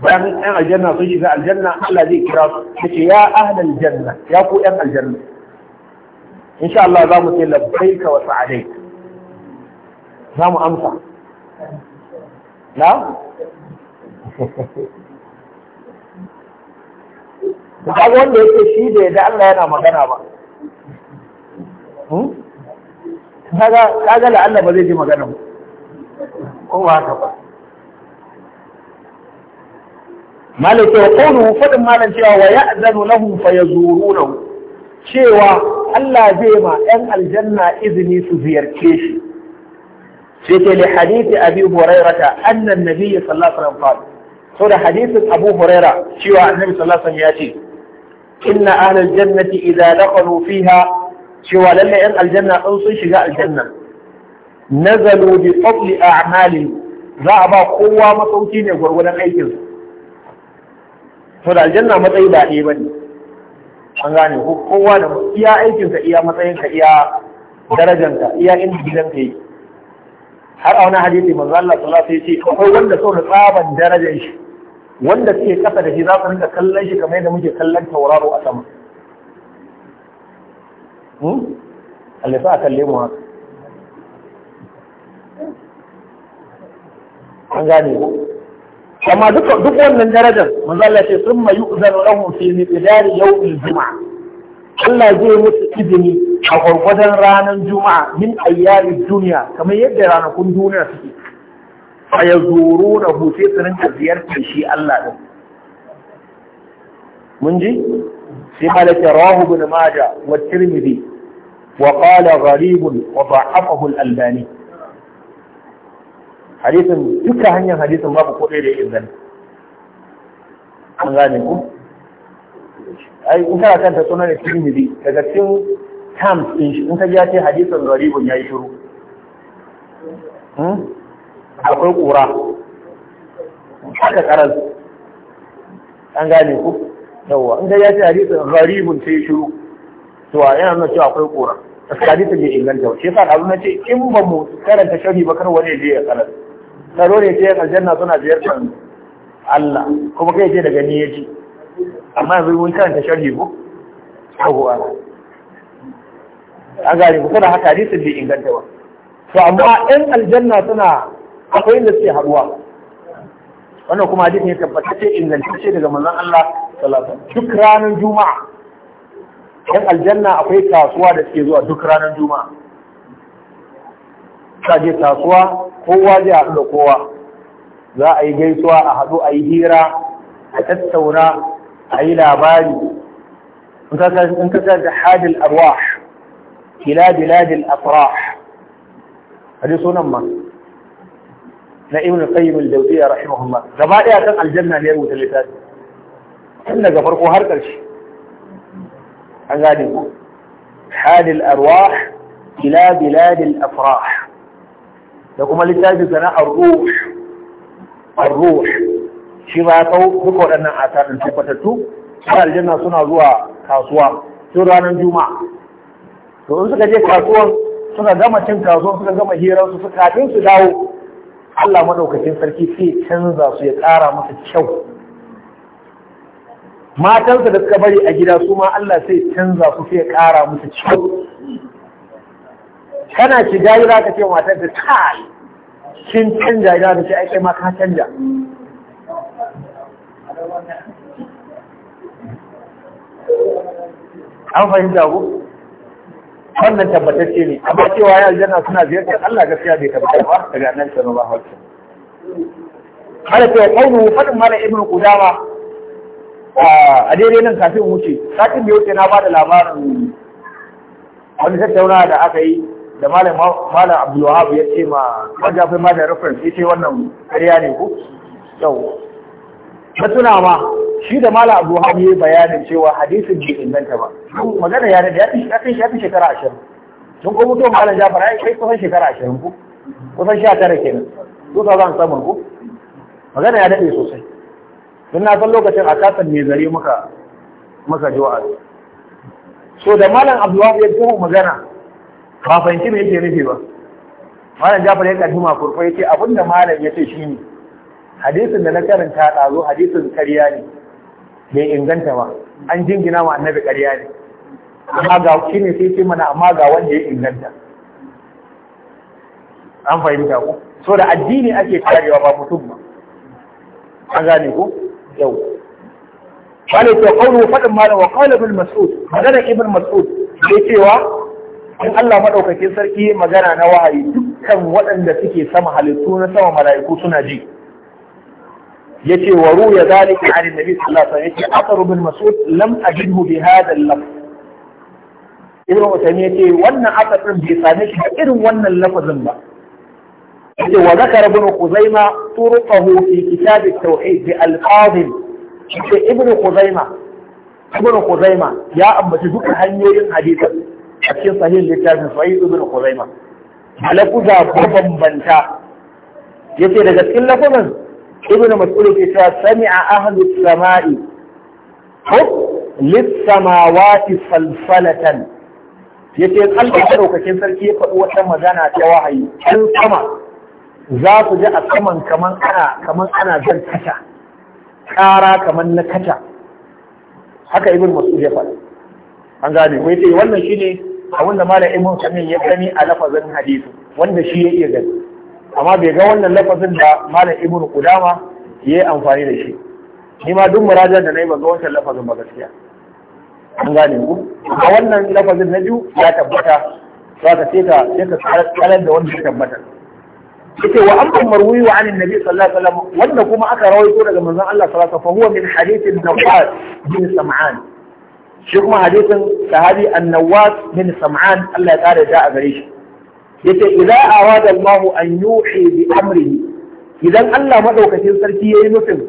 bayan ɗan aljanna sun shiga aljanna Allah zai kira su yace ya ahli al-janna ya ku ɗan aljanna insha Allah za mu ce labbaik wa sa'daik za mu amsa na? Ba wanda yake shi da yadda Allah yana magana ba. Hmm? Kaga da Allah ba zai ji magana ba. Ko haka ba. Malam cewa kaunu faɗin malam cewa wa ya'zanu lahu fa yazurunahu cewa Allah zai ma 'yan aljanna izini su ziyarce shi. sai لحديث أبي هريرة أن النبي صلى الله عليه وسلم قال سورة حديث أبو هريرة شوى النبي صلى الله عليه وسلم يأتي إن أهل الجنة إذا دخلوا فيها شوى لما إن الجنة أنصي شجاء الجنة نزلوا بفضل أعمال za قوة ba يقول ولا قيتل سورة الجنة to إيمان أنغاني هو قوة ɗaya bane an gane ko kowa da iya aikinsa iya matsayinka har a wani hadisi manzo Allah sallallahu alaihi wasallam ya ce akwai wanda da tsaban darajar shi wanda suke kasa da shi za su rinka kallon shi kamar yadda muke kallon tauraro a sama hmm Allah sa kalle mu haka an gane ko amma duk wannan darajar manzo Allah ya ce summa yu'zanu lahum fi idari yawm al-jum'ah Allah zai musu izini a gwargwadon ranar juma'a min ayyari duniya kamar yadda ranakun duniya suke A ya zoro na hutu su rinka ziyartar shi Allah ɗin. mun ji sai malaka rahu bin maja wa tirmidhi wa qala gharibun wa da'afahu al-albani hadisin duka hanyar hadisin babu ko da ya inganta an gane ku ai in kana kanta sunan da tirmidhi daga cikin terms din shi in ka ji ya ce hadisin garibun yayi shiru hmm? akwai kura haka karal an gane ku yawa in ka ji ya ce hadisin garibun sai shiru to yana nuna cewa akwai kura Saka hadisin ya inganta ba shi yasa kazu na ce in ba mu karanta shari ba kar wani je ya karar tsaro ne ce aljanna suna ziyartar Allah kuma kai ce daga ni ya ji amma yanzu mun kanta sharhi ko ko ana an gari ku kada haka hadisin bai inganta ba to amma ɗan aljanna suna akwai da suke haɗuwa wannan kuma hadisi ne tabbatacce ingantacce daga manzon Allah sallallahu alaihi duk ranar juma'a ɗan aljanna akwai kasuwa da suke zuwa duk ranar juma'a ta je kasuwa kowa zai haɗu da kowa za a yi gaisuwa a haɗu a yi hira a tattauna a yi labari in ka sa jihadil arwah ila biladil afrah a ji sunan ma na ibn qayyim al-jawziyya rahimahullah gaba daya kan aljanna ne rubuta littafi tun daga farko har karshe an gane ku hadil arwah ila biladil afrah da kuma littafi sana ar-ruh ar-ruh shi ba ya kawo duka waɗannan asarin tabbatattu har aljanna suna zuwa kasuwa tun ranar juma'a to in suka je kasuwan suka gama cin kasuwan suka gama hirar su kafin su dawo Allah madaukakin sarki sai canza su ya ƙara masa kyau matansa da suka bari a gida su ma Allah sai canza su sai ya ƙara masa kyau kana shiga za ka ce matar da kai kin canja gida da ce ai ma ka canja an fahimta ku wannan tabbatacce ne amma cewa ya aljanna suna ziyartar Allah gaskiya bai tabbata ba daga nan sallallahu ba wasallam kada ta kaunu fadin mala ibn qudama a daidai nan kafin wuce sakin da yake na bada labarin wani tattauna da aka yi da malam malam Abdul Wahab ya ce ma wanda fa malam reference yace wannan ƙarya ne ku? yau ta tuna ma shi da mala abu hani ya bayanin cewa hadisin bai inganta ba magana ya da ya fi fi shekara ashirin sun ko mutum malam jafar ya kai kusan shekara ashirin ku kusan sha tara kenan su sa zan samun ku magana ya daɗe sosai sun na san lokacin a kasan mai zare muka muka ji wa'azi so da malam abdullahi ya gama magana ba fahimci me yake nufi ba malam jafar ya kaddi makurfa ya ce abinda malam ya ce shi ne hadisin da na karanta ɗazu hadisin ƙarya ne bai inganta ba an jingina ma annabi ƙarya ne amma ga shi ne sai ce mana amma ga wanda ya inganta an fahimta ku so da addini ake karewa ba mutum ba an gane ku yau wani ke kawo faɗin malam wa kawo ibn mas'ud magana ibn mas'ud sai cewa in Allah maɗaukakin sarki magana na wahayi dukkan waɗanda suke sama halittu na sama mala'iku suna ji يتي وروي ذلك عن النبي صلى الله عليه وسلم أثر بن مسعود لم أجده بهذا اللفظ ابن عثيمين يتي وانا أثر بن بيسانيك غير وانا اللفظ ما يتي وذكر ابن خزيمة طرقه في كتاب التوحيد بألقاض يتي ابن خزيمة ابن خزيمة يا أبا تدوك هنيوين حديثا أكين صحيح لكتاب مصعيد ابن خزيمة على كذا بربا بنتا يتي لذلك اللفظ ibn mas'ud ke cewa sami'a ahlus sama'i ko lissamawati falfalatan yace Allah madaukakin sarki ya faɗi wata magana ta wahayi kan sama za su ji a saman kaman ana kaman ana zan kata ƙara kaman na kata haka ibn mas'ud ya faɗi an gane ko yace wannan shine abin da malam ibn kamil ya gani a lafazin hadisi wanda shi ya iya gani amma bai ga wannan lafazin da malam ibnu qudama yayi amfani da shi ni ma duk murajar da nayi ban ga wannan lafazin ba gaskiya an gane ku a wannan lafazin na biyu ya tabbata za ka sai ka sai ka kalar da wanda ya tabbata yake wa amma marwi wa anin nabi sallallahu alaihi wasallam wanda kuma aka rawaito daga manzon Allah sallallahu alaihi wasallam fa huwa min hadith an-nawas bin sam'an shi kuma hadithin sahabi an-nawas bin sam'an Allah ya kare da a gare shi yace idza awada Allah an yuhi bi amri idan Allah madaukakin sarki yayi nufin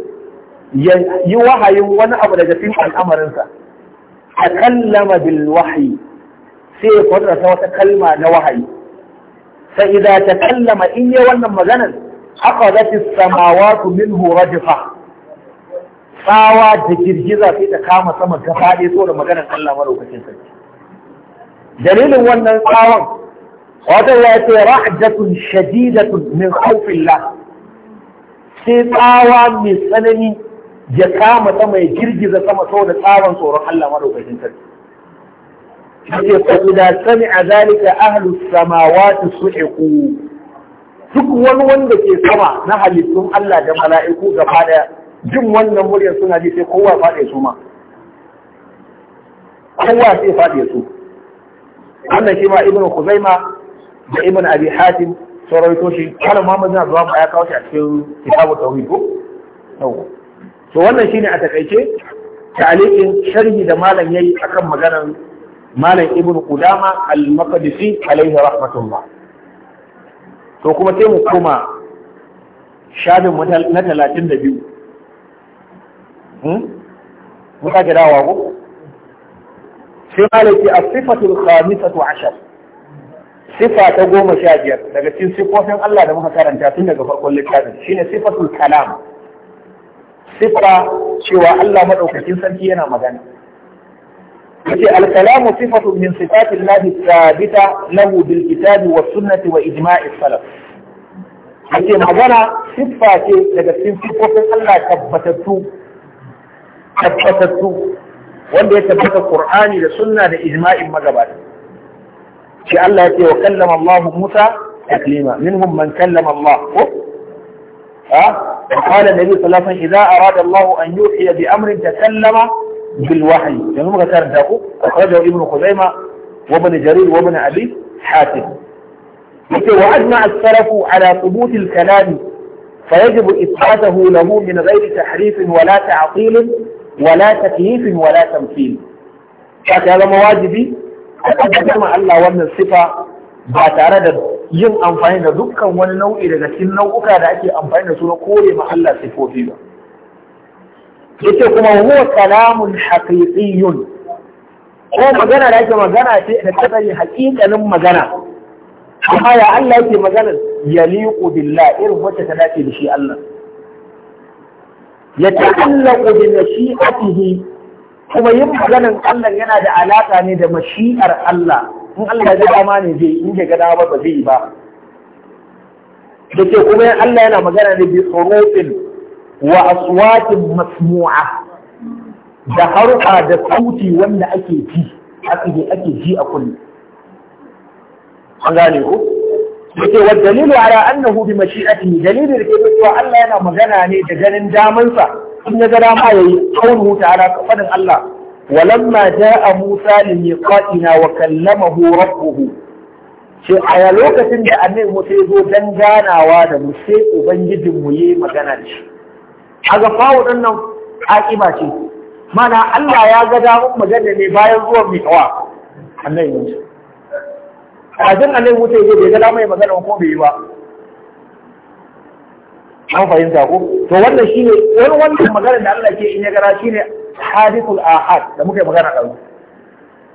ya yi wahayin wani abu daga cikin al'amarinsa takallama bil wahyi sai ya kwadrata wata kalma na wahayi fa idza takallama in yi wannan maganar aqadat as-samawati minhu rajfa tsawa da girgiza sai ta kama sama ta faɗi saboda maganar Allah madaukakin sarki dalilin wannan tsawon wata ya ce ra'ajatun shadidatun min khawfillah sai tsawa mai tsanani ya kama ta mai girgiza sama saboda tsawon tsoron Allah madaukakin sarki yace fa idza sami'a zalika ahlu samawati suhiqu duk wani wanda ke sama na halittun Allah da mala'iku gaba daya jin wannan muryar suna ji sai kowa faɗe su ma kowa sai faɗe su wannan shi ma ibnu kuzaima da ibn abi hatim sun rawaito shi kana muhammad bin abdullah ya kawo shi a cikin kitabu tauhid ko yawa to wannan shine a takaice alikin sharhi da malam yayi akan maganar malam ibn qudama al-maqdisi alaihi rahmatullah to kuma sai mu koma shafin na talatin da biyu hmm? mun sake dawa ko sai ce a sifatul khamisatu ashar sifa ta goma sha biyar daga cikin sifofin Allah da muka karanta tun daga farkon littafin shine sifatul kalam sifa cewa Allah madaukakin sarki yana magana yace al-kalamu sifatu min sifati Allah thabita lahu bil kitabi was sunnati wa ijma'i salaf yace magana sifa ce daga cikin sifofin Allah tabbatattu tabbatattu wanda ya tabbata Qur'ani da sunna da ijma'in magabata shi Allah ya ce wa kallama Allah Musa taklima minhum man kallama Allah ko ha qala nabi sallallahu alaihi wasallam idza arada Allah an yuhiya bi amrin takallama bil wahyi yanzu muka karanta ku akhrajahu ibn Khuzaimah wa ibn Jarir wa ibn Abi Hatim yake wa ajma as-salaf ala thubut al-kalam فيجب إثباته له من غير تحريف ولا تعطيل ولا تكييف ولا تمثيل. هذا واجبي tabbatar ma Allah wannan sifa ba tare da yin amfani da dukkan wani nau'i daga cikin nau'uka da ake amfani da su na kore ma Allah sifofi ba yace kuma huwa kalamun haqiqiyyun ko magana da ake magana ce da ta bari haƙiƙanin magana amma ya Allah yake magana yaliqu billah irin wacce ta dace da shi Allah ya shi bi mashi'atihi kuma yin maganan Allah yana da alaƙa ne da mashi'ar Allah in Allah ya dama ne zai in ya ga dama ba zai ba da ke kuma Allah yana magana ne bi surufin wa aswatin masmu'a da harka da sauti wanda ake ji ake ji a kullum an gane ku yake wa dalilu ala annahu bi mashi'atihi dalilin da ke cewa Allah yana magana ne da ganin damansa in ya ga dama yayi qawluhu ta'ala fadin Allah walamma ja'a Musa li miqatina wa kallamahu rabbuhu ce a lokacin da annabi Musa ya zo dan ganawa da mu sai ubangijin mu yi magana da shi ga fawo dan nan akiba ce mana Allah ya ga damun magana ne bayan zuwan miƙawa annabi Musa a jin annabi Musa ya zo bai gada dama ya magana ko bai yi ba an fahimta ko to wannan shine wani wannan magana da Allah ke in ya gara shine hadithul ahad da muke magana magana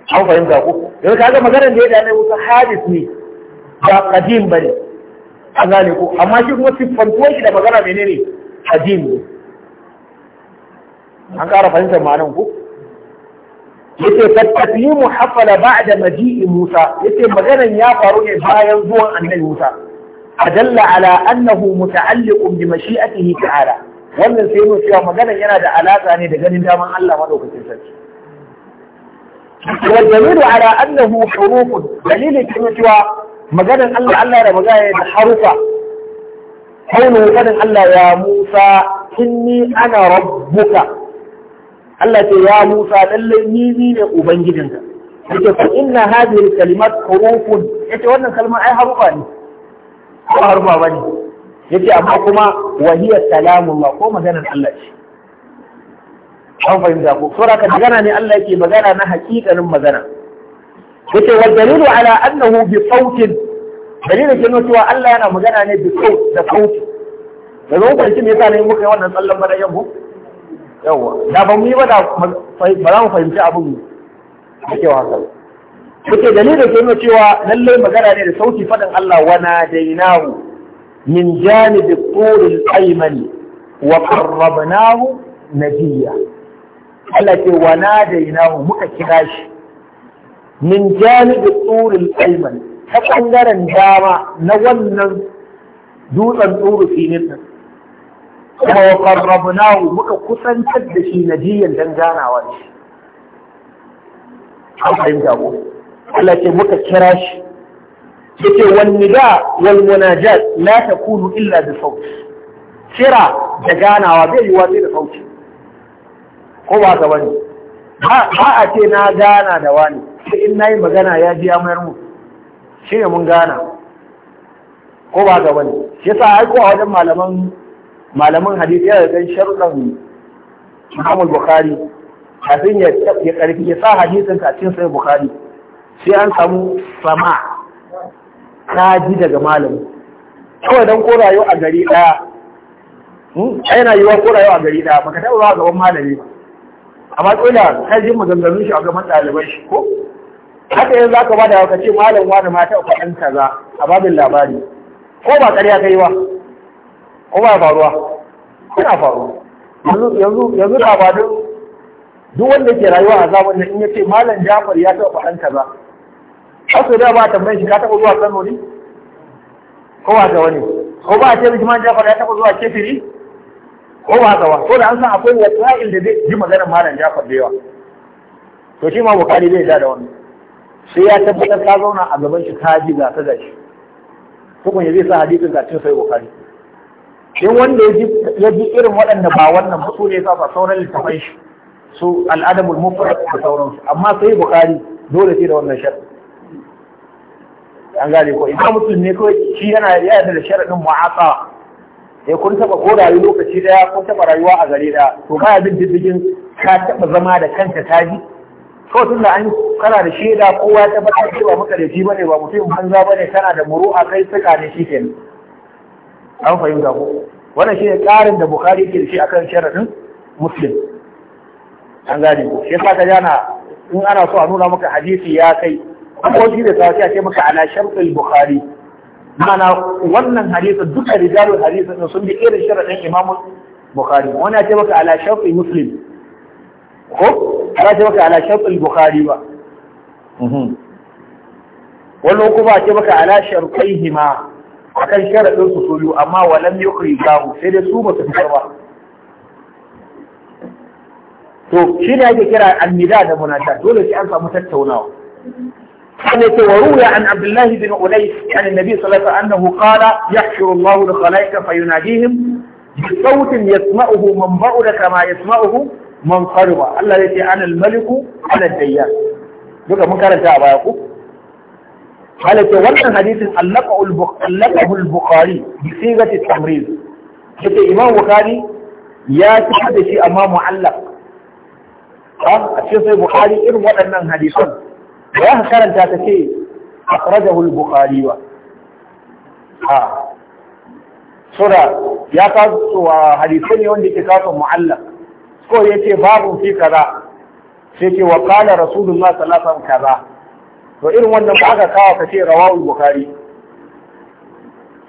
shi an fahimta ko yau kaga magana da yadda ne wuta hadith ne ba qadim bane azali gane ko amma shi kuma siffantuwar shi da magana menene qadim ne an ƙara fahimtar ma'anan ko yace fataklimu hafala ba'da maji'i Musa yace maganan ya faru ne bayan zuwan annabi Musa أدل على أنه متعلق بمشيئته تعالى wannan sai mun cewa magana yana da alaƙa ne da ganin daman Allah madaukakin sarki. Wa dalilu ala annahu dalilin sai cewa maganan Allah Allah da magana da harufa. Kaunu maganan Allah ya Musa inni ana rabbuka. Allah ce ya Musa lalle ni ni ne ubangijinka. Yake ku inna hadhihi kalimat hurufun yace wannan kalma ai harufa ne. ko harfa ba ne ce amma kuma wahiya ba ko maganar Allah ce an fahimta ko saboda magana ne Allah yake magana na hakikanin magana yace wa dalilu ala annahu bi sautin dalilin ke cewa Allah yana magana ne bi saut da sauti da zo ku ji me yasa ne muka yi wannan tsallan bada yau yawa da ba mu yi ba da ba za mu fahimci abin da ke haka yake dalilin ke nuna cewa lallai magana ne da sauti faɗin Allah wana dainahu min janibi turil aymani wa qarrabnahu nabiyya Allah ke wana dainahu muka kira shi min janibi turil aymani ta ɓangaren dama na wannan dutsen turu sinin din kuma wa qarrabnahu muka kusantar da shi nadiyan dan ganawa shi an fahimta ko Allah ce muka kira shi yace wan nida wal munajat la takunu illa bi sawt kira da ganawa bai yi watsi da sauti ko ba ga wani ba a ce na gana da wani sai in nayi magana ya ji ya mayar mu ne mun gana ko ba ga wani yasa ai ko a wajen malaman malaman hadisi ya ga sharuɗan Imam Bukhari kafin ya ya karfi ya sa hadisin ka cikin sai Bukhari sai an samu sama ji daga malami kawai don ko a gari ɗaya hmm? a yana yiwuwa ko a gari ɗaya baka taɓa zuwa gaban malami ba amma kila ka ji maganganun shi a gaban ɗaliban shi ko haka yanzu za ka ba da ka ce malam da mata a ɗan kaza a babin labari ko ba ƙarya yi ba ko ba faruwa kuna faruwa yanzu yanzu labarin duk wanda ke rayuwa a zamanin in ya ce malam jafar ya taɓa ɗan kaza Asu da ba tambayin shi ka taɓa zuwa Kano ne? Ko ba ta wani? Ko ba a ce Usman Jafar ya taɓa zuwa Kefiri? Ko ba a wa? Ko da an san akwai wasa'il da zai ji maganar Malam Jafar da yawa. To shi ma Bukari zai da wani. Sai ya tabbatar ka zauna a gaban shi ka ji gasa da shi. Tukun ya zai sa hadisin ka cin sai Bukari. In wanda ya ji irin waɗanda ba wannan ba su ne sa sauran littafai shi. Su al'adamul mufrad da sauransu. Amma sai Bukari dole sai da wannan sharɗi. an gane ko idan mutum ne kawai shi yana ya da sharaɗin mu'aqa ya eh, kun taba ko rayu lokaci ɗaya kun taba rayuwa a gare da to baya bin diddigin ka taɓa zama da kanka ta ji tun da an kana da shaida kowa ta bata ba maka da shi bane ba mutum banza bane kana da a kai tsaka ne kenan an fahimta ko wannan shine ƙarin da bukari yake da shi akan sharaɗin Muslim an gane ko shi yasa ka jana in ana so a nuna maka hadisi ya kai Akwai shi da safi ake ce maka ala shartul bukhari mana wannan hadisi duka rijalul hadisa din sun bi irin sharaɗin imam bukhari wani ya ce maka ala shartul muslim ko ya ce maka ala shartul bukhari ba mhm. wannan kuma ce maka ala sharqaihima akan ɗin su su amma walan kuri yukrijahu sai dai su ba su fitar ba to shi ne ake kira annida da munasha dole sai an samu tattaunawa حدث يعني وروي عن عبد الله بن أليس عن يعني النبي صلى الله عليه وسلم أنه قال يحشر الله لخلائك فيناديهم بصوت يسمعه من بعد كما يسمعه من قرب الذي أنا الملك على الديان دوكا من كان تعبا يقول حدث حديث ألقه البخاري بصيغة التمريض حتى إمام بخاري يا تحدث أمام معلق ها أشياء البخاري إن وانا حديثا ya ka karanta ta ce akhrajahu al-bukhari wa ha sura ya ka wa hadisi ne wanda ke kafa mu'alla ko yace babu fi kaza sai ce wa qala rasulullah sallallahu alaihi kaza to irin wannan ba aka kawo ka ce rawahu bukhari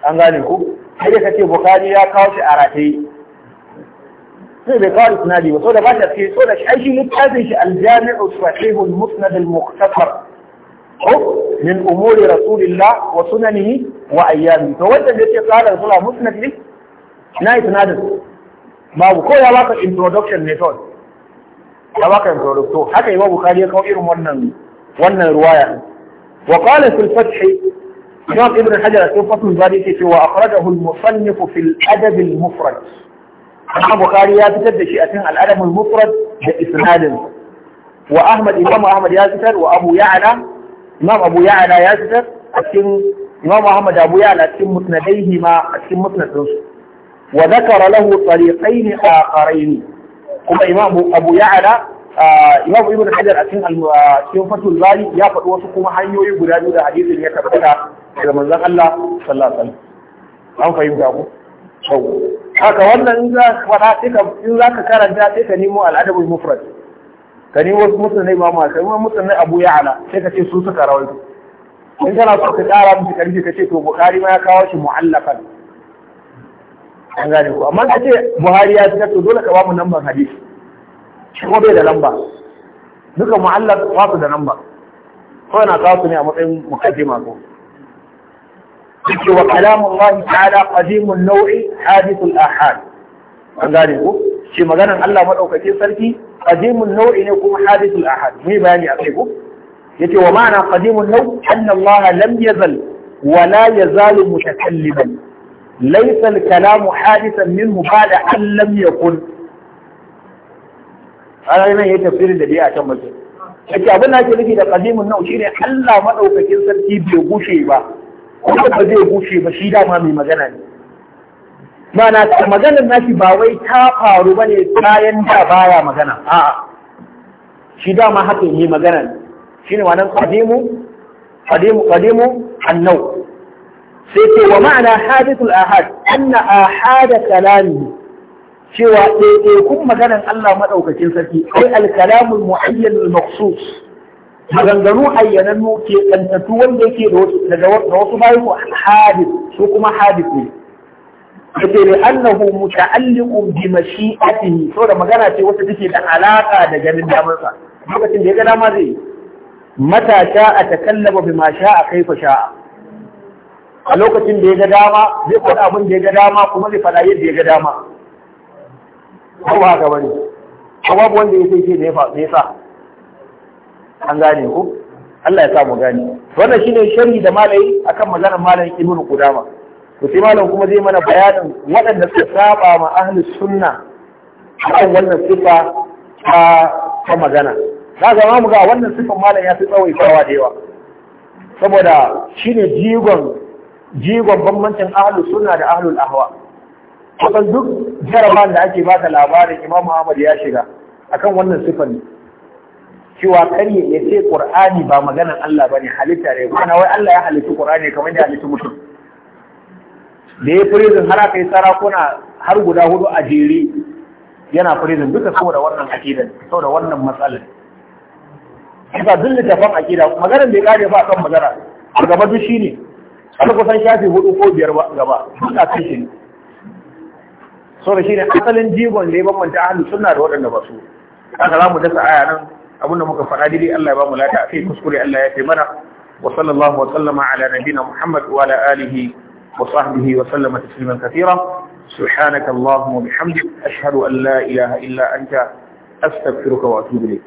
an gane ku sai ka ce bukhari ya kawo shi a rataye سيدي قالت نادي وصولة غلط في صولة اشي متأذج الجامع صحيح المسند المختصر حب من امور رسول الله وسننه وايامه فوالد التي قال رسولها مسند لي نايت نادي ما هو يا واقع انترودوكشن ميثود يا واقع انترودوكتور حتى يبا بخالي يقوم ايرم ونن رواية وقال في الفتح شاق ابن حجر سوفة الزادية سوى واخرجه المصنف في الادب المفرد amma bukari ya fitar da shi a cikin al'adabul mufrad da isnadin wa ahmad imam ahmad ya fitar wa abu ya'la imam abu ya'la ya fitar a cikin imam ahmad abu ya'la cikin musnadaihi ma a cikin musnadin su wa dhakara lahu tariqayn akharayn kuma imam abu ya'la imam ibn hajar a cikin cikin fatul bari ya faɗi wasu kuma hanyoyi guda biyu da hadisin ya tabbata daga manzon Allah sallallahu alaihi wasallam an fahimta ku sau haka wannan in za ka faɗa in za ka karanta sai ka nemo al'adabul mufrad ka nemo musulmai ba ma kai musulmai abu ya ala sai ka ce su suka rawaito in kana so ka tsara musu karfi ka ce to bukari ma ya kawo shi mu'allafan an gane ku amma ka ce buhari ya fitar to dole ka ba mu lambar hadisi ko bai da lamba duka mu'allaf ba su da lamba ko na kawo su ne a matsayin mukaddima ko yake wa kalamun Allah ta'ala qadimun nau'i hadithul ahad an gane ko shi maganar Allah madaukake sarki qadimun nau'i ne kuma hadithul ahad mu bayani a kai ko yake wa ma'ana qadimun nau'i anna Allah lam yazal wa la yazal mutakalliman laysa al-kalamu hadithan minhu ba'da an lam yakun ana nan tafsirin da dai a can mace yake Allah sarki bai bushe ba kuma ba zai bushe ba shi dama mai magana ne mana ta maganar nashi ba wai ta faru bane ne bayan da baya magana a'a shi dama haka yi magana ne shi ne wannan qadimu qadimu qadimu annau sai ce wa ma'ana hadithul ahad anna ahada kalami cewa ɗaiɗaikun eh, eh, maganar Allah maɗaukacin sarki ai al mu'ayyan al-maqsus maganganu mu ke tsantattu wanda yake daga wasu bayan hadis su kuma hadis ne yake ne annahu muta'alliqun bi mashi'atihi da magana ce wasu take da alaka da ganin damar sa lokacin da ya ga dama zai mata sha'a takallama bi ma kai kaifa sha'a a lokacin da ya ga dama zai faɗa abin da ya ga dama kuma zai faɗa yadda ya ga dama ko ba haka bane babu wanda ya sai ce da ya sa an gane ku Allah ya sa mu gane wannan shine sharhi da malai akan maganar malam Ibn Qudama to sai malam kuma zai mana bayanin waɗanda suka saba ma ahli sunna akan wannan sifa ta ta magana kaga mu ga wannan sifan malam ya fi tsawai farawa da yawa saboda shine jigon jigon bambancin ahli sunna da ahlul ahwa kusan duk jaraban da ake ba ta labarin imamu Ahmad ya shiga akan wannan sifan ne cewa karye ya ce qur'ani ba maganar Allah bane halitta ne kana wai Allah ya halitta qur'ani kamar da halitta mutum da ya prison har aka yi sarakuna har guda hudu a jere yana firizin duka saboda wannan akidar saboda wannan matsalar ba duk littafin akida maganar bai kare ba kan magana a gaba duk shine kada kusan shafi hudu ko biyar gaba duk a kan shi ne saboda shine asalin jigon da ya bambanta ahlus sunna da waɗanda ba su haka za mu dasa aya nan abinda muka faɗa dai Allah ya ba mu lada kai kuskure Allah ya kai mana wa sallallahu wa sallama ala nabina Muhammad wa ala alihi wa sahbihi wa sallama tasliman katira subhanaka allahumma bihamdik ashhadu an la ilaha illa anta astaghfiruka wa atubu ilayk